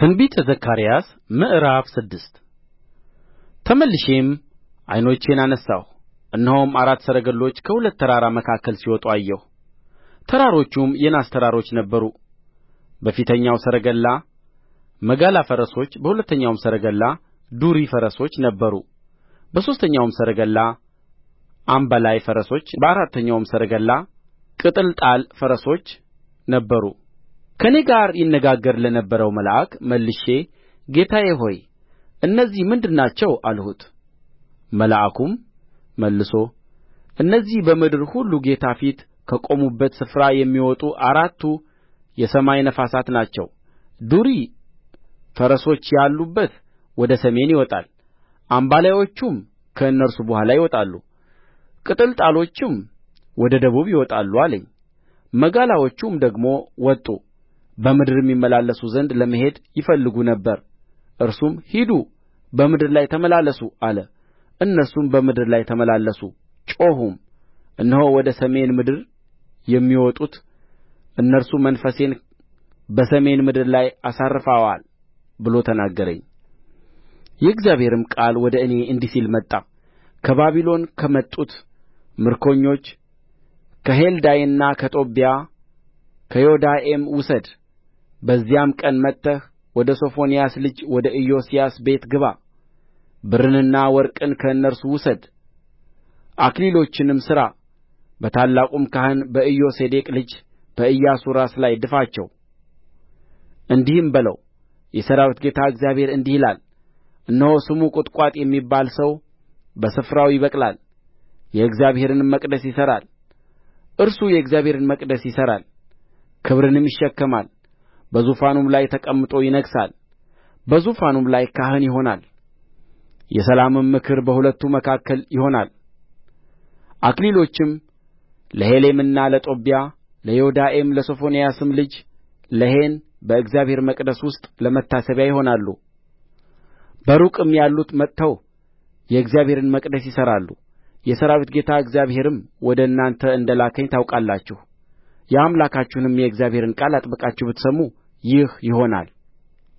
ትንቢተ ዘካርያስ ምዕራፍ ስድስት ተመልሼም ዓይኖቼን አነሣሁ እነሆም አራት ሰረገሎች ከሁለት ተራራ መካከል ሲወጡ አየሁ ተራሮቹም የናስ ተራሮች ነበሩ በፊተኛው ሰረገላ መጋላ ፈረሶች በሁለተኛውም ሰረገላ ዱሪ ፈረሶች ነበሩ በሦስተኛውም ሰረገላ አምባላይ ፈረሶች በአራተኛውም ሰረገላ ቅጥልጣል ፈረሶች ነበሩ ከእኔ ጋር ይነጋገር ለነበረው መልአክ መልሼ ጌታዬ ሆይ እነዚህ ምንድር ናቸው አልሁት መልአኩም መልሶ እነዚህ በምድር ሁሉ ጌታ ፊት ከቆሙበት ስፍራ የሚወጡ አራቱ የሰማይ ነፋሳት ናቸው ዱሪ ፈረሶች ያሉበት ወደ ሰሜን ይወጣል አምባላዮቹም ከእነርሱ በኋላ ይወጣሉ ቅጥልጣሎቹም ወደ ደቡብ ይወጣሉ አለኝ መጋላዎቹም ደግሞ ወጡ በምድርም ይመላለሱ ዘንድ ለመሄድ ይፈልጉ ነበር እርሱም ሂዱ በምድር ላይ ተመላለሱ አለ እነርሱም በምድር ላይ ተመላለሱ ጮኹም እነሆ ወደ ሰሜን ምድር የሚወጡት እነርሱ መንፈሴን በሰሜን ምድር ላይ አሳርፈዋል ብሎ ተናገረኝ የእግዚአብሔርም ቃል ወደ እኔ እንዲህ ሲል መጣ ከባቢሎን ከመጡት ምርኮኞች ከሔልዳይና ከጦብያ ከዮዳኤም ውሰድ በዚያም ቀን መጥተህ ወደ ሶፎንያስ ልጅ ወደ ኢዮስያስ ቤት ግባ ብርንና ወርቅን ከእነርሱ ውሰድ አክሊሎችንም ሥራ በታላቁም ካህን በኢዮሴዴቅ ልጅ በኢያሱ ራስ ላይ ድፋቸው እንዲህም በለው የሠራዊት ጌታ እግዚአብሔር እንዲህ ይላል እነሆ ስሙ ቍጥቋጥ የሚባል ሰው በስፍራው ይበቅላል የእግዚአብሔርንም መቅደስ ይሠራል እርሱ የእግዚአብሔርን መቅደስ ይሠራል ክብርንም ይሸከማል በዙፋኑም ላይ ተቀምጦ ይነግሣል በዙፋኑም ላይ ካህን ይሆናል የሰላምም ምክር በሁለቱ መካከል ይሆናል አክሊሎችም ለሔሌምና ለጦብያ ለዮዳኤም ለሶፎንያስም ልጅ ለሔን በእግዚአብሔር መቅደስ ውስጥ ለመታሰቢያ ይሆናሉ በሩቅም ያሉት መጥተው የእግዚአብሔርን መቅደስ ይሠራሉ የሠራዊት ጌታ እግዚአብሔርም ወደ እናንተ እንደ ላከኝ ታውቃላችሁ የአምላካችሁንም የእግዚአብሔርን ቃል አጥብቃችሁ ብትሰሙ ይህ ይሆናል